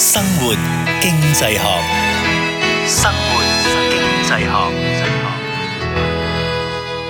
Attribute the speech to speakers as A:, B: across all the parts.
A: 生活經濟學，生活經濟學。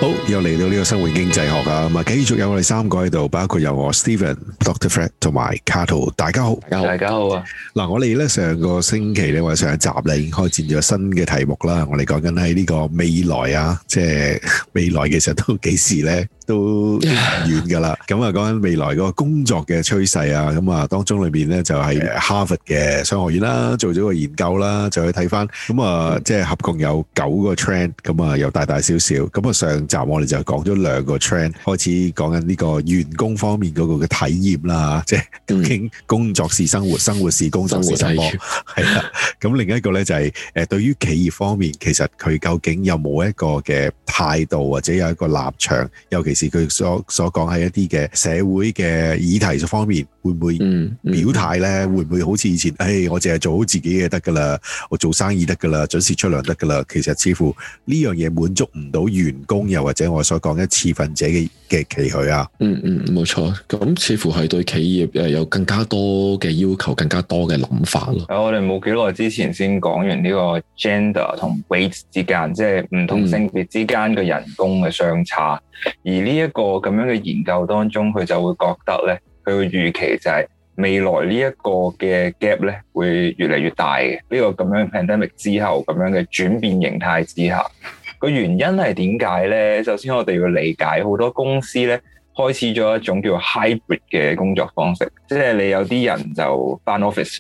A: 好，又嚟到呢個生活經濟學啊！咁啊，繼續有我哋三個喺度，包括有我 Steven、Doctor Fred 同埋 Cato，大家好，大家好，大家好啊！嗱，我哋咧上個星期咧，我哋上一集咧已經開展咗新嘅題目啦。我哋講緊喺呢個未來啊，即係未來嘅時候都幾時咧都遠噶啦。咁啊，講緊未來嗰個工作嘅趨勢啊，咁啊當中裏邊咧就係 Harvard 嘅商學院啦，做咗個研究啦，就去睇翻，咁啊，即係合共有九個 trend，咁啊又大大小小，咁啊上。集我哋就講咗兩個 trend，開始講緊呢個員工方面嗰個嘅體驗啦，即係、嗯、究竟工作是生活，生活是工作，生活是，係啦。 咁另一個咧就係誒，對於企業方面，其實佢究竟有冇一個嘅態度或者有一個立場，尤其是佢所所講喺一啲嘅社會嘅議題方面，會唔會表態咧？會唔會好似以前誒、哎，我淨係做好自己就得噶啦，我做生意得噶啦，準時出糧得噶啦。其實似乎呢樣嘢滿足唔到員工又或者我所講嘅「次份者嘅嘅期許啊嗯，嗯嗯，冇錯，咁似乎係對企業
B: 誒有更加多嘅要求，更加多嘅諗法咯、
C: 嗯。我哋冇幾耐之前先講完呢個 gender 同 wage 之間，即係唔同性別之間嘅人工嘅相差。嗯、而呢一個咁樣嘅研究當中，佢就會覺得咧，佢會預期就係未來這呢一個嘅 gap 咧會越嚟越大嘅。呢個咁樣 pandemic 之後咁樣嘅轉變形態之下。個原因係點解咧？首先我哋要理解好多公司咧開始咗一種叫 hybrid 嘅工作方式，即係你有啲人就翻 office，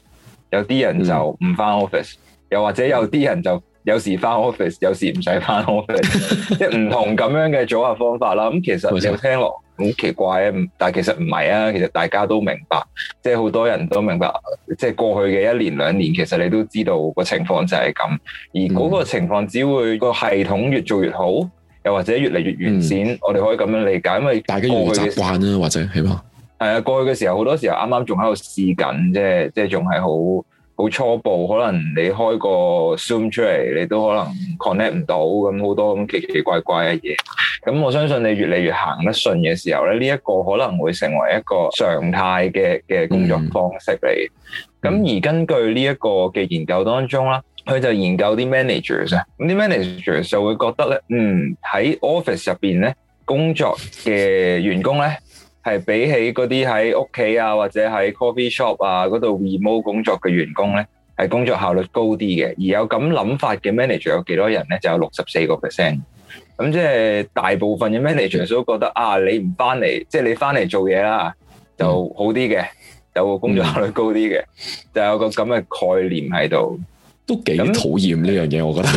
C: 有啲人就唔翻 office，又或者有啲人就有時翻 office，有時唔使翻 office，即係唔同咁樣嘅組合方法啦。咁其實聽，好似聽落。好奇怪啊！但係其實唔係啊，其實大家都明白，即係好多人都明白，即係過去嘅一年兩年，其實你都知道個情況就係咁，而嗰個情況只會個、嗯、系統越做越好，又或者越嚟越完善。嗯、我哋可以咁樣理解，因為大家過去嘅習慣
B: 啦、啊，或者起碼
C: 係啊，過去嘅時候好多時候啱啱仲喺度試緊，即係即係仲係好。好初步，可能你開個 Zoom 出嚟，你都可能 connect 唔到，咁好多咁奇奇怪怪嘅嘢。咁我相信你越嚟越行得順嘅時候咧，呢一個可能會成為一個常態嘅嘅工作方式嚟。咁而根據呢一個嘅研究當中啦，佢就研究啲 managers 啊，咁啲 managers 就會覺得咧，嗯、喺 office 入邊咧，工作嘅員工咧。係比起嗰啲喺屋企啊，或者喺 coffee shop 啊嗰度 remote 工作嘅員工咧，係工作效率高啲嘅。而有咁諗法嘅 manager 有幾多人咧？就有六十四個 percent。咁即係大部分嘅 manager 都覺得、嗯、啊，你唔翻嚟，即、就、係、是、你翻嚟做嘢啦，就好啲嘅，嗯、有個工作效率高啲嘅，嗯、就有個咁嘅概念喺度。都幾討厭呢樣嘢，我覺得。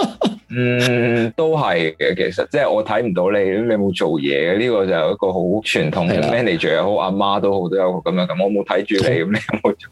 C: 嗯，都係嘅，其實即係我睇唔到你，你有冇做嘢嘅？呢、呢個就係一個好傳統嘅 manager，好阿媽都好都有個咁樣。咁我冇睇住你，咁你
B: 有冇做？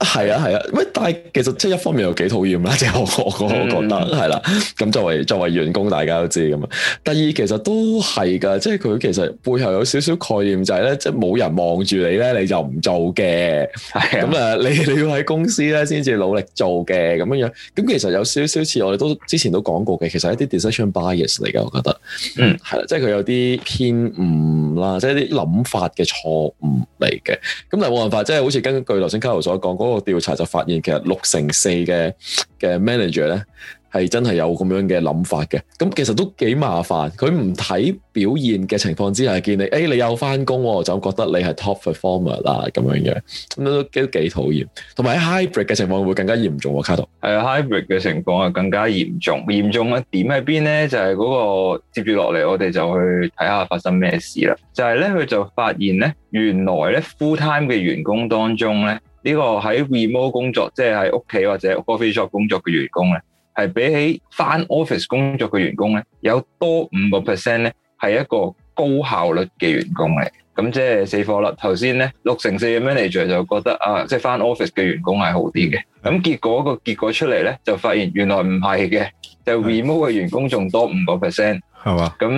B: 係啊，係啊，喂、啊！但係其實即係一方面又幾討厭啦，即係我我覺得係啦。咁、嗯啊、作為作為員工，大家都知咁啊。第二其實都係噶，即係佢其實背後有少少概念就係、是、咧，即係冇人望住你咧，你就唔做嘅。咁啊，你你要喺公司咧先至努力做嘅咁樣樣。咁其實有少少似我哋都之前都講過嘅，其實一啲 decision bias 嚟嘅，我覺得，嗯，係啦、啊，即係佢有啲偏誤啦，即、就、係、是、一啲諗法嘅錯誤嚟嘅。咁但冇辦法，即係好似根據羅星卡所。講嗰個調查就發現，其實六成四嘅嘅 manager 咧，係真係有咁樣嘅諗法嘅。咁其實都幾麻煩，佢唔睇表現嘅情況之下，見你，誒、哎，你有翻工，就覺得你係 top performer 啦咁樣嘅，咁都都幾討厭。同埋喺 hybrid 嘅情況會
C: 更加嚴重喎，卡度。係啊，hybrid 嘅情況係更加嚴重，嚴重一點喺邊咧？就係嗰個接住落嚟，我哋就去睇下發生咩事啦。就係咧，佢就發現咧，原來咧 full time 嘅員工當中咧。呢個喺 remote 工作，即係喺屋企或者 coffee shop 工作嘅員工咧，係比起返 office 工作嘅員工咧，有多五個 percent 咧，係一個高效率嘅員工嚟。咁即係死火啦。頭先咧，六成四嘅 manager 就覺得啊，即係返 office 嘅員工係好啲嘅。咁結果個結果出嚟咧，就發現原來唔係嘅，就 remote 嘅員工仲多五個 percent 係嘛。咁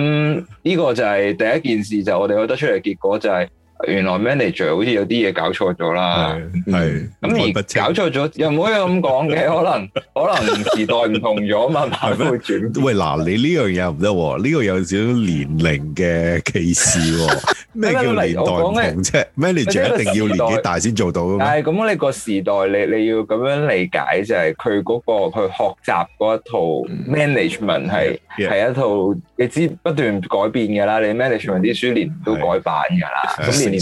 C: 呢個就係第一件事，就我哋覺得出嚟嘅結果就係。原來 manager 好似有啲嘢搞錯咗啦，係咁搞錯咗又唔可以咁講嘅，可能可能時代唔同咗，文化都會轉。喂嗱，你呢樣嘢唔得喎，呢個有少少
A: 年齡嘅歧視喎。咩叫年代唔同啫？manager 一定要年紀大先做到。但係
C: 咁你個時代，你你要咁樣理解就係佢嗰個去學習嗰一套 management 係係一套，你知不斷改變㗎啦。你 management 啲書年年都改版㗎啦。背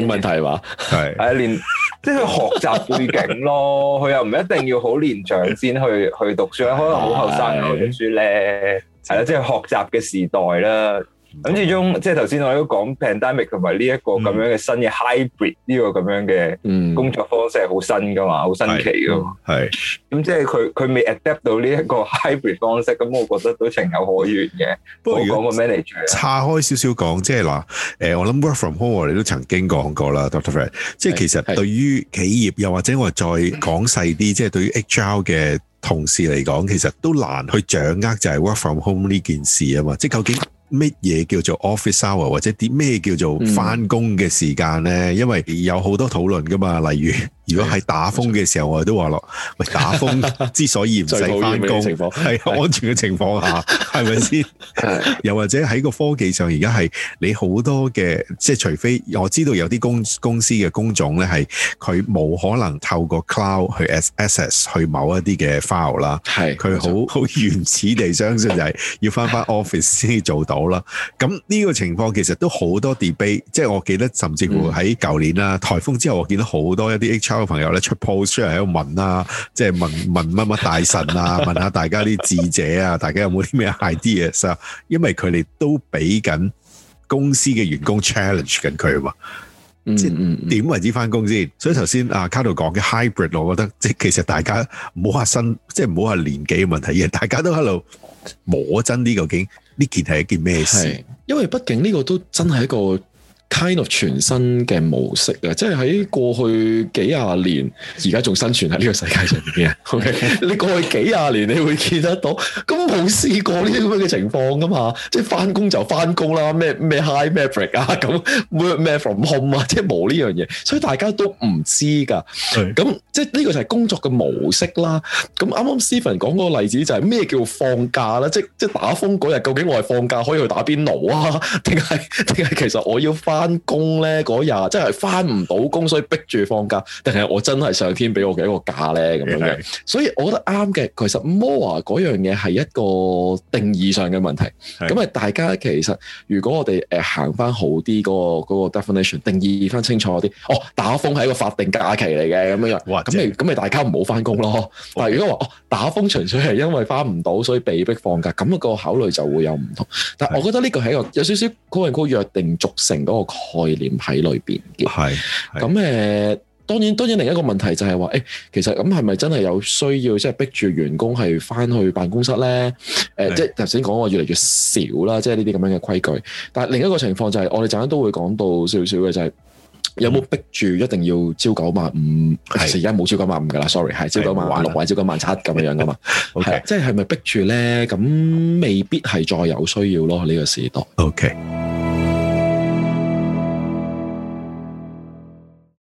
C: 景問題嘛，係， 係連即係佢學習背景咯，佢 又唔一定要好年長先去 去讀書，可能好後生讀書咧，係啦 對， 即係學習嘅時代啦。咁、嗯、始終，即係頭先我都講 pandemic 同埋呢一個咁樣嘅新嘅 hybrid 呢個咁樣嘅工作方式係好新噶嘛，好、嗯、新奇咯。
A: 係，
C: 咁、嗯、即係佢佢未 adapt 到呢一個 hybrid 方式，咁我覺得都情有可原嘅。不過講個 manager，岔
A: 開少少講，即係嗱、呃，我諗 work from home 我哋都曾經講過啦，Doctor Fred。Dr. Friend，即係其實對於企業，又或者我再講細啲，即係是對於 HR 嘅同事嚟講，其實都難去掌握就係 work from home 呢件事啊嘛。即係究竟？乜嘢叫做 office hour 或者啲咩叫做翻工嘅時間咧？因為有好多討論噶嘛，例如。如果係打風嘅時候，我哋都話咯，喂，打風之所以唔使返工，情況係安全嘅情況下，係咪先？又或者喺個科技上，而家係你好多嘅，即係除非我知道有啲公公司嘅工種咧，係佢冇可能透過 cloud 去 access 去某一啲嘅 file 啦，係佢好好原始地相信就係要返返 office 先至做到啦。咁呢個情況其實都好多 debate，即係我記得甚至乎喺舊年啦，颱風之後，我見到好多一啲交朋友咧，出 post 出嚟，喺度問啊，即係問問乜乜大神啊，問下大家啲智者啊，大家有冇啲咩 ideas 啊？因為佢哋都俾緊公司嘅員工 challenge 緊佢啊嘛，嗯嗯嗯即係點為止翻工先？所以頭先卡杜講嘅 hybrid，我覺得即其實大家唔好話新，即係唔好話年紀嘅問題，大家都喺度摸真呢、這個，究竟呢件係一件咩事？
B: 因為畢竟呢個都真係一個。kind of 全新嘅模式啊，即係喺過去幾廿年，而家仲生存喺呢個世界上邊啊？ okay, 你過去幾廿年，你會見得到，咁冇試過呢啲咁樣嘅情況噶嘛？即係翻工就翻工啦，咩咩 high method 啊，咁咩 work from home 冇啊，即係冇呢樣嘢，所以大家都唔知噶。咁對即係呢個就係工作嘅模式啦。咁啱啱 Stephen 講嗰個例子就係咩叫放假啦？即即係打風嗰日，究竟我係放假可以去打邊爐啊，定係定係其實我要翻？翻工咧，嗰日，即係翻唔到工，所以逼住放假，定係我真係上天俾我嘅一個假咧咁樣。是是是所以我覺得啱嘅。其實摩 a 嗰樣嘢係一個定義上嘅問題。咁啊，大家其實如果我哋誒、呃、行翻好啲，嗰、嗰個、嗰個 definition 定義翻清楚啲。哦，打風係一個法定假期嚟嘅咁樣。哇！咁咪咁咪大家唔好翻工咯。但係如果話哦打風純粹係因為翻唔到，所以被逼放假，咁個考慮就會有唔同。但係我覺得呢個係一個有少少 co，and，co 約定俗成嗰個。概念喺裏邊嘅，係咁誒。當然，當然另一個問題就係話，誒，其實咁係咪真係有需要，即、就、係、是、逼住員工係翻去辦公室咧？誒是，即係頭先講話越嚟越少啦，即係呢啲咁樣嘅規矩。但係另一個情況就係、是，我哋陣間都會講到少少嘅、就是，就係有冇逼住一定要朝九晚五？係而家冇朝九晚五噶啦，sorry，係朝九晚六、或者朝九晚七咁樣樣噶嘛？係即係咪逼住咧？咁未必係再有需要咯，呢、這個時代。OK。